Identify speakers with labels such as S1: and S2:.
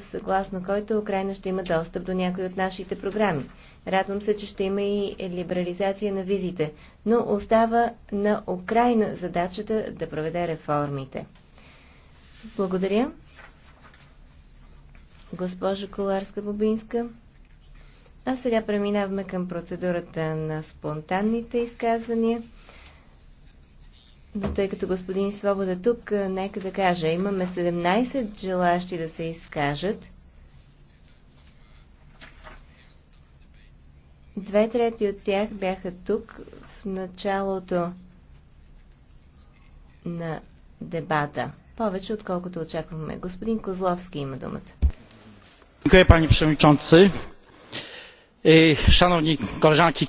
S1: съгласно който Украина ще има достъп до някои от нашите програми. Радвам се, че ще има и либерализация на визите, но остава на Украина задачата да проведе реформите. Благодаря. Госпожа Коларска-Бобинска. А сега преминаваме към процедурата на спонтанните изказвания. Но тъй като господин Свобода е тук, нека да кажа, имаме 17 желащи да се изкажат. Две трети от тях бяха тук в началото на дебата. Повече отколкото очакваме. Господин Козловски има думата.
S2: Dziękuję пани przewodniczący. Szanowni koleżanki i